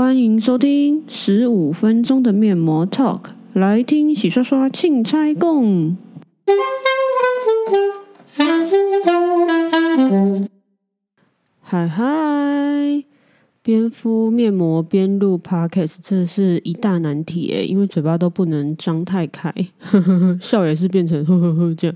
歡迎收聽十五分鐘的面膜 Talk，來聽洗刷刷慶猜共。嗨嗨，邊敷面膜邊錄 Podcast，真的是一大難題哎，因為嘴巴都不能張太開，， 笑也是變成呵呵呵這樣。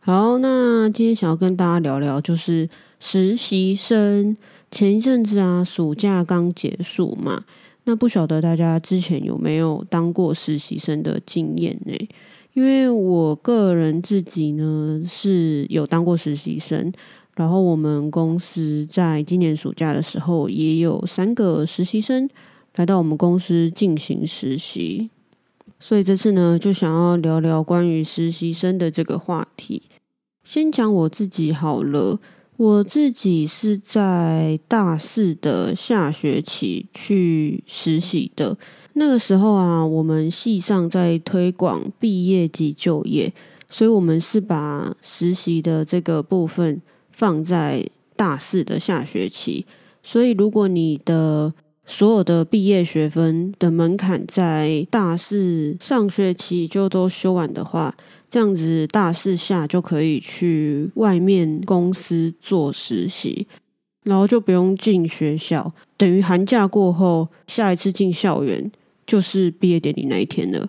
好，那今天想要跟大家聊聊，就是實習生。前一陣子啊，暑假剛結束嘛，那不曉得大家之前有沒有當過實習生的經驗呢？欸？因為我個人自己呢是有當過實習生，然後我們公司在今年暑假的時候也有三個實習生來到我們公司進行實習，所以這次呢就想要聊聊關於實習生的這個話題。先講我自己好了。我自己是在大四的下學期去實習的。那個時候啊，我們系上在推廣畢業即就業，所以我們是把實習的這個部分放在大四的下學期。所以，如果你的所有的畢業學分的門檻在大四上學期就都修完的話，這樣子大四下就可以去外面公司做實習，然後就不用進學校，等於寒假過後，下一次進校園就是畢業典禮那一天了。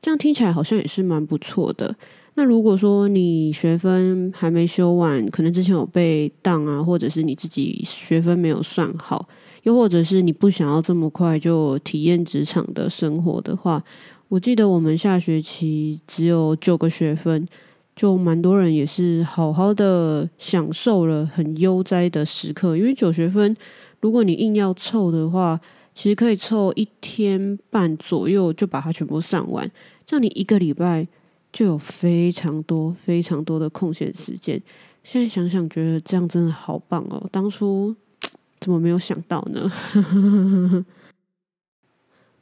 這樣聽起來好像也是蠻不錯的。那如果說你學分還沒修完，可能之前有被當啊，或者是你自己學分沒有算好。又或者是你不想要這麼快就體驗職場的生活的話，我記得我們下學期只有九個學分，就蠻多人也是好好的享受了很悠哉的時刻。因為九學分，如果你硬要湊的話，其實可以湊一天半左右就把它全部上完，這樣你一個禮拜就有非常多非常多的空閒時間。現在想想，覺得這樣真的好棒哦！當初。怎麼沒有想到呢？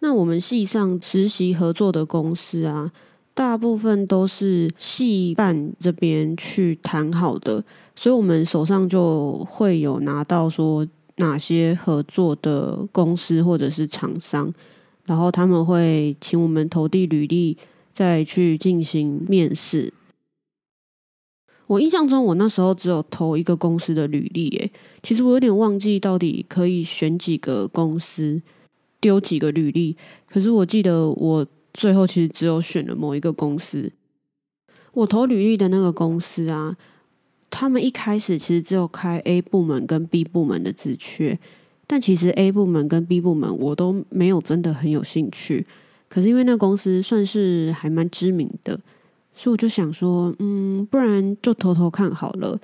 那我們系上實習合作的公司啊，大部分都是系辦這邊去談好的，所以我們手上就會有拿到說哪些合作的公司或者是廠商，然後他們會請我們投遞履歷，再去進行面試。我印象中，我那時候只有投一個公司的履歷，誒，其實我有點忘記到底可以選幾個公司，丟幾個履歷。可是我記得我最後其實只有選了某一個公司，我投履歷的那個公司啊，他們一開始其實只有開 A 部門跟 B 部門的職缺，但其實 A 部門跟 B 部門我都沒有真的很有興趣。可是因為那個公司算是還蠻知名的。所以我就想說，嗯，不然就投投看好了。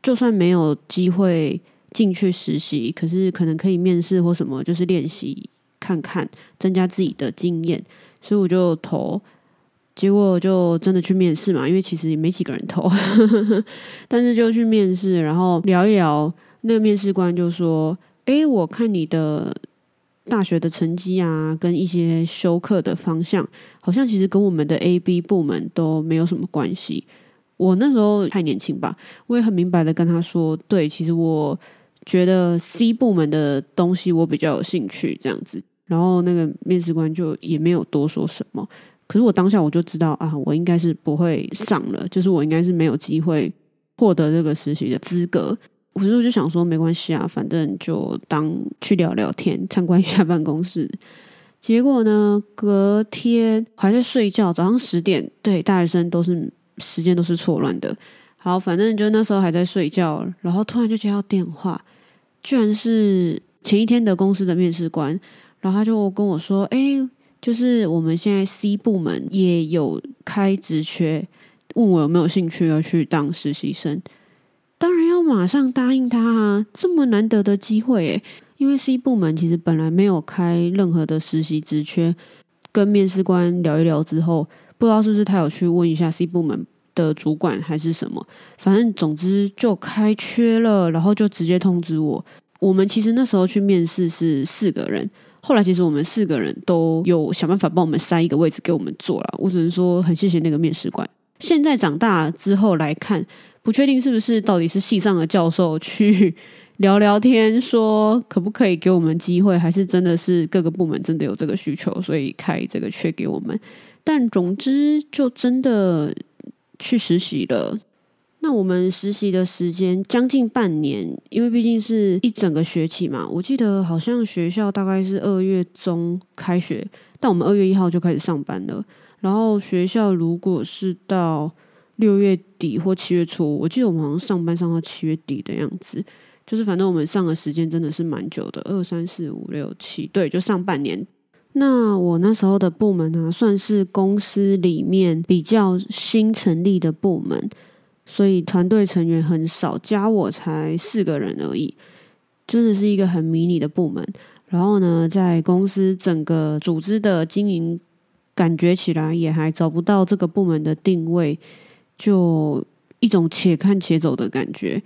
就算沒有機會進去實習，可是可能可以面試或什麼，就是練習看看，增加自己的經驗。所以我就投，結果就真的去面試嘛。因為其實也沒幾個人投， 但是就去面試，然後聊一聊。那個面試官就說：“誒，我看你的。”大學的成績啊，跟一些修課的方向，好像其實跟我們的 A、B 部門都沒有什麼關係。我那時候太年輕吧，我也很明白的跟他說，對，其實我覺得 C 部門的東西我比較有興趣這樣子。然後那個面試官就也沒有多說什麼。可是我當下我就知道啊，我應該是不會上了，就是我應該是沒有機會獲得這個實習的資格。我就想說，沒關係啊，反正就當去聊聊天，參觀一下辦公室。結果呢，隔天還在睡覺，早上十點，對，大學生都是時間都是錯亂的。好，反正就那時候還在睡覺，然後突然就接到電話，居然是前一天的公司的面試官，然後他就跟我說：“哎、欸，就是我們現在 C 部門也有開職缺，問我有沒有興趣要去當實習生。”當然要馬上答應他啊！這麼難得的機會，哎，因為 C 部門其實本來沒有開任何的實習職缺。跟面試官聊一聊之後，不知道是不是他有去問一下 C 部門的主管還是什麼。反正總之就開缺了，然後就直接通知我。我們其實那時候去面試是四個人，後來其實我們四個人都有想辦法幫我們塞一個位置給我們做了。我只能說很謝謝那個面試官。現在長大之後來看。不確定是不是到底是系上的教授去聊聊天，說可不可以給我們機會，還是真的是各個部門真的有這個需求，所以開這個缺給我們。但總之就真的去實習了。那我們實習的時間將近半年，因為畢竟是一整個學期嘛。我記得好像學校大概是二月中開學，但我們二月一號就開始上班了。然後學校如果是到六月底或七月初，我記得我們好像上班上到七月底的樣子，就是反正我們上的時間真的是蠻久的，二三四五六七，對，就上半年。那我那時候的部門呢、啊，算是公司裡面比較新成立的部門，所以團隊成員很少，加我才四個人而已，真的是一個很迷你的部門。然後呢，在公司整個組織的經營感覺起來，也還找不到這個部門的定位。就一種且看且走的感覺。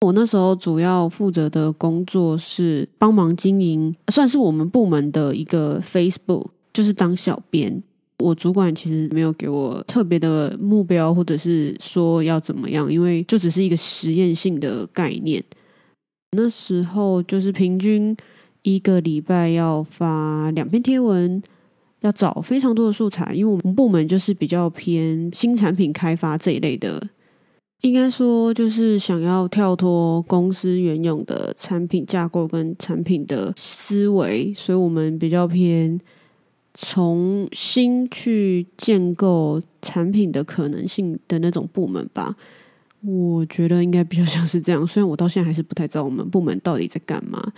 我那時候主要負責的工作是幫忙經營，算是我們部門的一個 Facebook，就是當小編。我主管其實沒有給我特別的目標，或者是說要怎麼樣，因為就只是一個實驗性的概念。那時候就是平均一個禮拜要發兩篇貼文。要找非常多的素材，因為我們部門就是比較偏新產品開發這一類的，應該說就是想要跳脫公司原有的產品架構跟產品的思維，所以我們比較偏重新去建構產品的可能性的那種部門吧。我覺得應該比較像是這樣，雖然我到現在還是不太知道我們部門到底在幹嘛。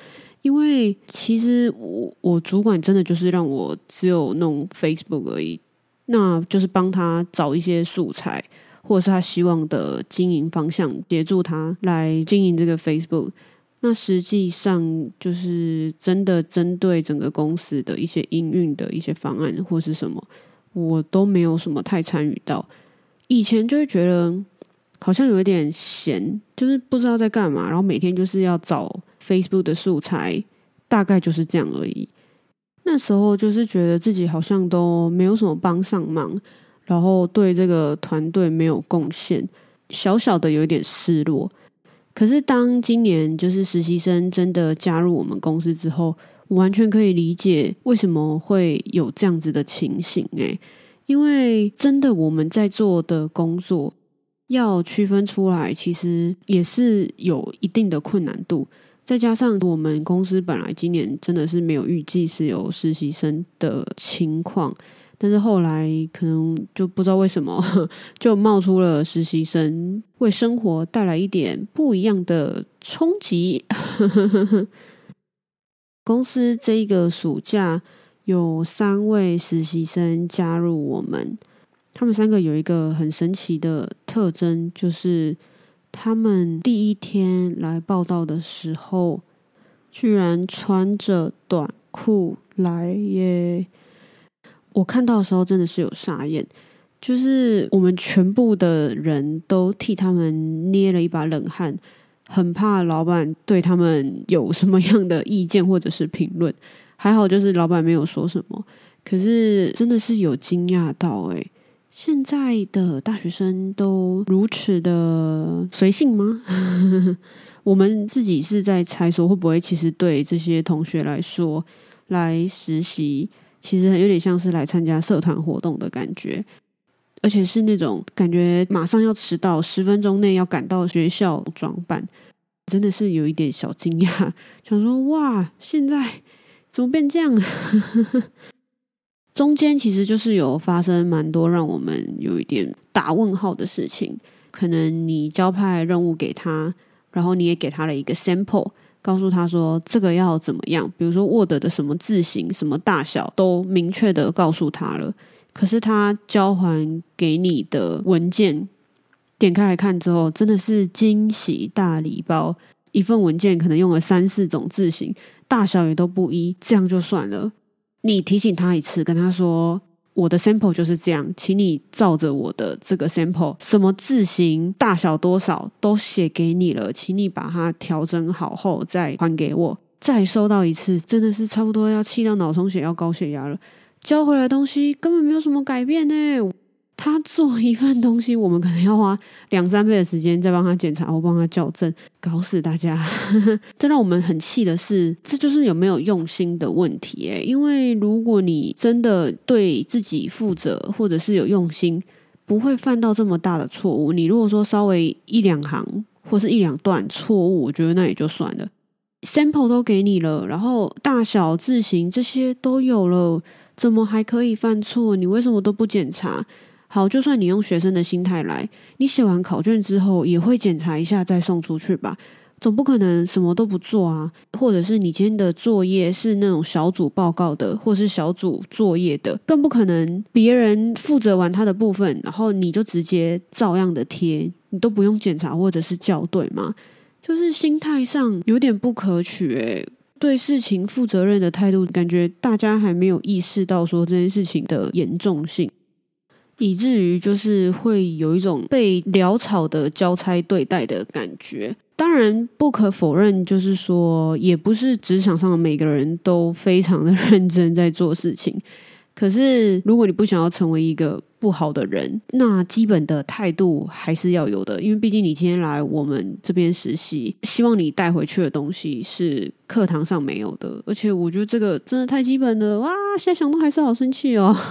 因為其實我我主管真的就是讓我只有弄 Facebook 而已，那就是幫他找一些素材，或者是他希望的經營方向，協助他來經營這個 Facebook。那實際上就是真的針對整個公司的一些營運的一些方案或是什麼，我都沒有什麼太參與到。以前就會覺得好像有一點閒，就是不知道在幹嘛，然後每天就是要找。Facebook 的素材大概就是這樣而已。那時候就是覺得自己好像都沒有什麼幫上忙，然後對這個團隊沒有貢獻，小小的有一點失落。可是當今年就是實習生真的加入我們公司之後，我完全可以理解為什麼會有這樣子的情形。誒，因為真的我們在做的工作要區分出來，其實也是有一定的困難度。再加上我們公司本來今年真的是沒有預計是有實習生的情況，但是後來可能就不知道為什麼就冒出了實習生，為生活帶來一點不一樣的衝擊。 公司這一個暑假有三位實習生加入我們，他們三個有一個很神奇的特徵就是。他們第一天來報到的時候，居然穿着短褲來耶！我看到的時候真的是有傻眼，就是我們全部的人都替他們捏了一把冷汗，很怕老闆對他們有什麼樣的意見或者是評論。還好就是老闆沒有說什麼，可是真的是有驚訝到哎、欸。現在的大學生都如此的隨性嗎？ 我們自己是在猜說會不會，其實對這些同學來說，來實習其實很有點像是來參加社團活動的感覺，而且是那種感覺馬上要遲到十分鐘內要趕到學校裝扮，真的是有一點小驚訝，想說哇，現在怎麼變這樣？ 中間其實就是有發生蠻多讓我們有一點打問號的事情。可能你交派任務給他，然後你也給他了一個 sample，告訴他說這個要怎麼樣，比如說 Word 的什麼字型、什麼大小都明確的告訴他了。可是他交還給你的文件，點開來看之後，真的是驚喜大禮包！一份文件可能用了三四種字型，大小也都不一，這樣就算了。你提醒他一次，跟他說我的 sample 就是這樣，請你照着我的這個 sample，什麼字形、大小多少都寫給你了，請你把它調整好後再還給我。再收到一次，真的是差不多要氣到腦充血，要高血壓了。交回來的東西根本沒有什麼改變呢。他做一份東西，我們可能要花兩三倍的時間再幫他檢查或幫他校正，搞死大家。 這讓我們很氣的是，這就是有沒有用心的問題、欸。因為如果你真的對自己負責，或者是有用心，不會犯到這麼大的錯誤。你如果說稍微一兩行或是一兩段錯誤，我覺得那也就算了。Sample 都給你了，然後大小字型這些都有了，怎麼還可以犯錯？你為什麼都不檢查？好，就算你用學生的心態來，你寫完考卷之後也會檢查一下再送出去吧，總不可能什麼都不做啊。或者是你今天的作業是那種小組報告的，或是小組作業的，更不可能別人負責完他的部分，然後你就直接照樣的貼，你都不用檢查或者是校對嗎？就是心態上有點不可取誒、欸。對事情負責任的態度，感覺大家還沒有意識到說這件事情的嚴重性。以至於就是會有一種被潦草的交差對待的感覺。當然，不可否認，就是說，也不是職場上每個人都非常的認真在做事情。可是，如果你不想要成為一個不好的人，那基本的態度還是要有的。因為畢竟你今天來我們這邊實習，希望你帶回去的東西是課堂上沒有的。而且，我覺得這個真的太基本了。哇，現在想到還是好生氣哦。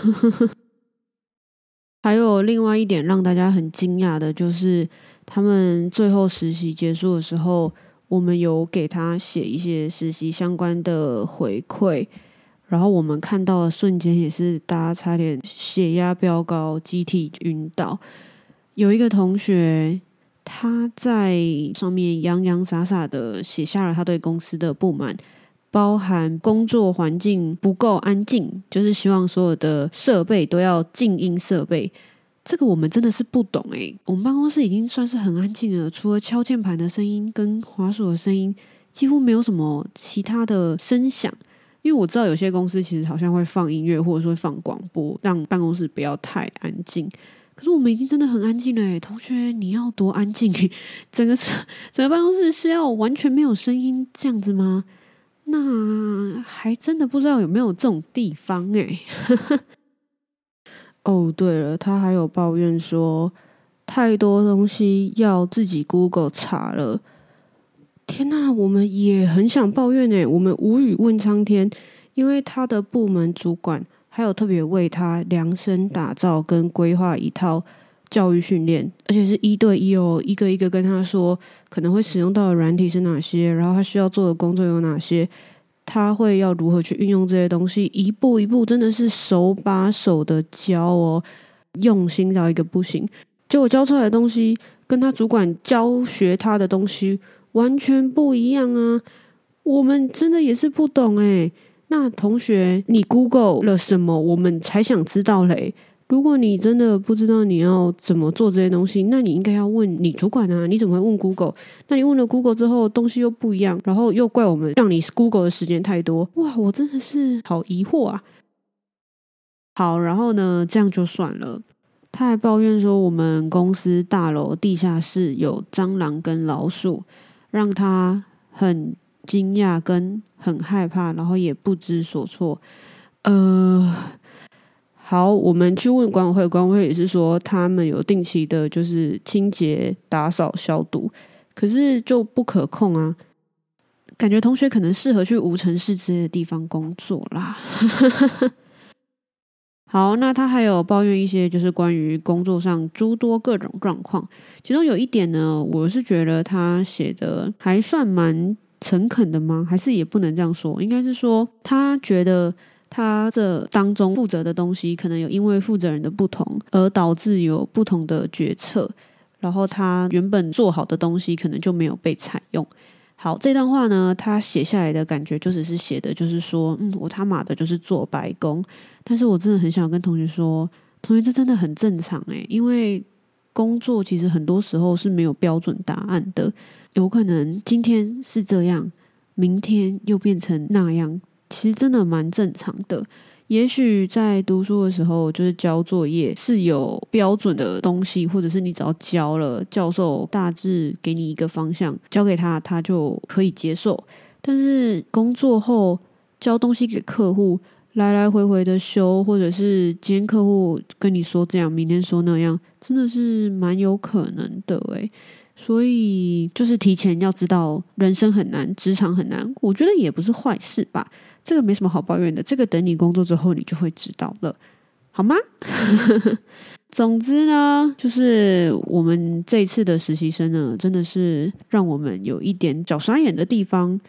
還有另外一點讓大家很驚訝的，就是他們最後實習結束的時候，我們有給他寫一些實習相關的回饋，然後我們看到的瞬間也是大家差點血壓飆高、集體暈倒。有一個同學他在上面洋洋灑灑的寫下了他對公司的不滿。包含工作環境不夠安靜，就是希望所有的設備都要靜音設備。這個我們真的是不懂誒、欸，我們辦公室已經算是很安靜了，除了敲鍵盤的聲音跟滑鼠的聲音，幾乎沒有什麼其他的聲響。因為我知道有些公司其實好像會放音樂或者說放廣播，讓辦公室不要太安靜。可是我們已經真的很安靜了、欸，同學你要多安靜，整個整個辦公室是要完全沒有聲音這樣子嗎？那還真的不知道有沒有這種地方哎。哦，對了，他還有抱怨說，太多東西要自己 Google 查了。天哪、啊，我們也很想抱怨哎、欸，我們無語問蒼天，因為他的部門主管還有特別為他量身打造跟規劃一套教育訓練，而且是一對一哦，一個一個跟他說可能會使用到的軟體是哪些，然後他需要做的工作有哪些，他會要如何去運用這些東西，一步一步真的是手把手的教哦，用心到一個不行。結果教出來的東西跟他主管教學他的東西完全不一樣啊！我們真的也是不懂誒、欸。那同學，你 Google 了什麼，我們才想知道嘞。如果你真的不知道你要怎麼做這些東西，那你應該要問你主管啊！你怎麼會問 Google？那你問了 Google 之後，東西又不一樣，然後又怪我們讓你 Google 的時間太多。哇，我真的是好疑惑啊！好，然後呢，這樣就算了。他還抱怨說，我們公司大樓地下室有蟑螂跟老鼠，讓他很驚訝跟很害怕，然後也不知所措。呃。好，我們去問管委會，管委會也是說他們有定期的，就是清潔、打掃、消毒，可是就不可控啊。感覺同學可能適合去無塵室之類的地方工作啦。 好，那他還有抱怨一些，就是關於工作上諸多各種狀況。其中有一點呢，我是覺得他寫的還算蠻誠懇的嗎？還是也不能這樣說？應該是說他覺得。他這當中負責的東西，可能有因為負責人的不同而導致有不同的決策，然後他原本做好的東西可能就沒有被採用。好，這段話呢，他寫下來的感覺就只是寫的就是說，嗯，我他媽的就是做白工，但是我真的很想跟同學說，同學這真的很正常誒，因為工作其實很多時候是沒有標準答案的，有可能今天是這樣，明天又變成那樣。其實真的蠻正常的，也許在讀書的時候就是交作業是有標準的東西，或者是你只要交了，教授大致給你一個方向，交給他他就可以接受。但是工作後交東西給客戶，來來回回的修，或者是今天客戶跟你說這樣，明天說那樣，真的是蠻有可能的欸。所以，就是提前要知道，人生很難，職場很難，我覺得也不是壞事吧。這個沒什麼好抱怨的，這個等你工作之後你就會知道了，好嗎？ 總之呢，就是我們這一次的實習生呢，真的是讓我們有一點傻眼的地方。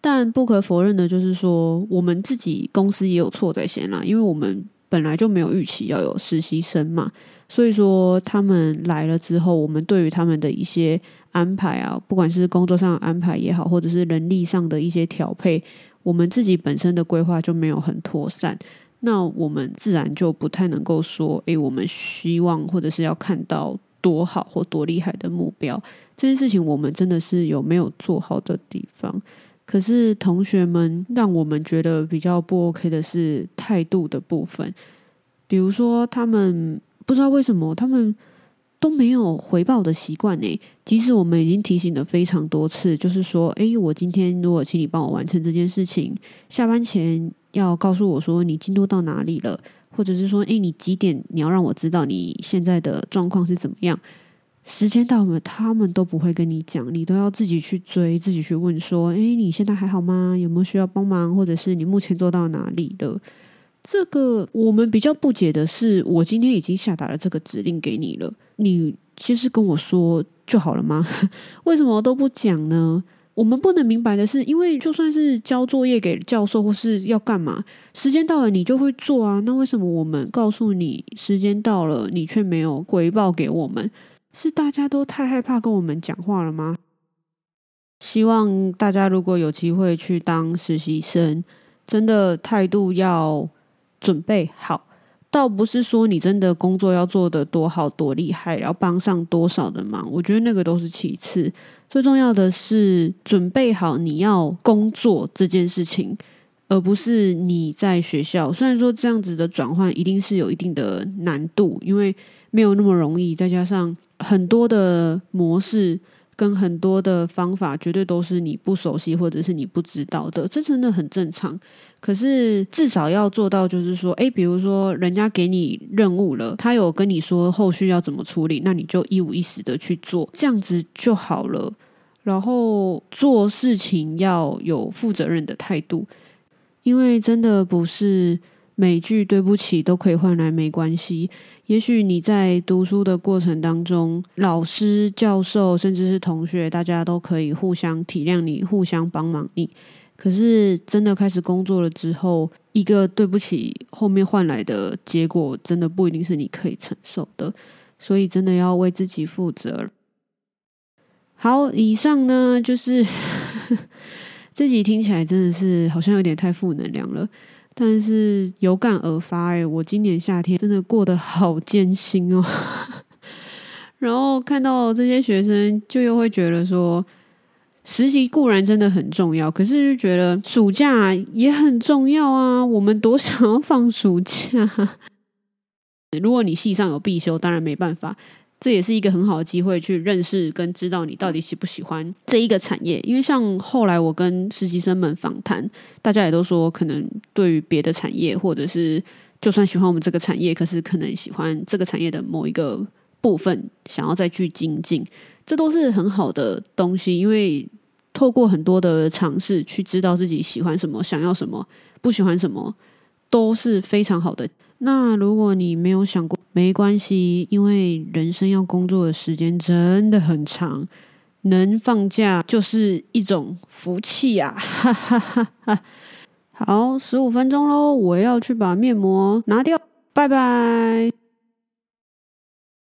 但不可否認的，就是說我們自己公司也有錯在先啦，因為我們。本來就沒有預期要有實習生嘛，所以說他們來了之後，我們對於他們的一些安排啊，不管是工作上的安排也好，或者是人力上的一些調配，我們自己本身的規劃就沒有很妥善，那我們自然就不太能夠說，誒，我們希望或者是要看到多好或多厲害的目標，這件事情我們真的是有沒有做好的地方。可是同學們，讓我們覺得比較不 OK 的是態度的部分。比如說，他們不知道為什麼，他們都沒有回報的習慣呢？即使我們已經提醒了非常多次，就是說，誒、欸，我今天如果請你幫我完成這件事情，下班前要告訴我說你進度到哪裡了，或者是說，誒、欸，你幾點你要讓我知道你現在的狀況是怎麼樣。時間到了，他們都不會跟你講，你都要自己去追，自己去問說：“哎，你現在還好嗎？有沒有需要幫忙？或者是你目前做到哪裡了？”這個我們比較不解的是，我今天已經下達了這個指令給你了，你其實跟我說就好了嗎？ 為什麼都不講呢？我們不能明白的是，因為就算是交作業給教授或是要幹嘛，時間到了你就會做啊。那為什麼我們告訴你時間到了，你卻沒有回報給我們？是大家都太害怕跟我們講話了嗎？希望大家如果有機會去當實習生，真的態度要準備好。倒不是說你真的工作要做得多好、多厲害，然後幫上多少的忙。我覺得那個都是其次，最重要的是準備好你要工作這件事情，而不是你在學校。雖然說這樣子的轉換一定是有一定的難度，因為沒有那麼容易，再加上。很多的模式跟很多的方法，絕對都是你不熟悉或者是你不知道的，這真的很正常。可是至少要做到，就是說，哎，比如說人家給你任務了，他有跟你說後續要怎麼處理，那你就一五一十的去做，這樣子就好了。然後做事情要有負責任的態度，因為真的不是。每句“對不起”都可以換來“沒關係”。也許你在讀書的過程當中，老師、教授，甚至是同學，大家都可以互相體諒你，互相幫忙你。可是，真的開始工作了之後，一個“對不起”後面換來的結果，真的不一定是你可以承受的。所以，真的要為自己負責。好，以上呢，就是呵呵自己聽起來真的是好像有點太負能量了。但是有感而發，哎，我今年夏天真的過得好艱辛哦。 然後看到這些學生，就又會覺得說，實習固然真的很重要，可是就覺得暑假也很重要啊。我們多想要放暑假。 如果你系上有必修，當然沒辦法。這也是一個很好的機會，去認識跟知道你到底喜不喜歡這一個產業。因為像後來我跟實習生們訪談，大家也都說，可能對於別的產業，或者是就算喜歡我們這個產業，可是可能喜歡這個產業的某一個部分，想要再去精進，這都是很好的東西。因為透過很多的嘗試，去知道自己喜歡什麼，想要什麼，不喜歡什麼，都是非常好的。那如果你沒有想過，沒關係，因為人生要工作的時間真的很長，能放假就是一種福氣啊！ 好，十五分鐘嘍，我要去把面膜拿掉，拜拜。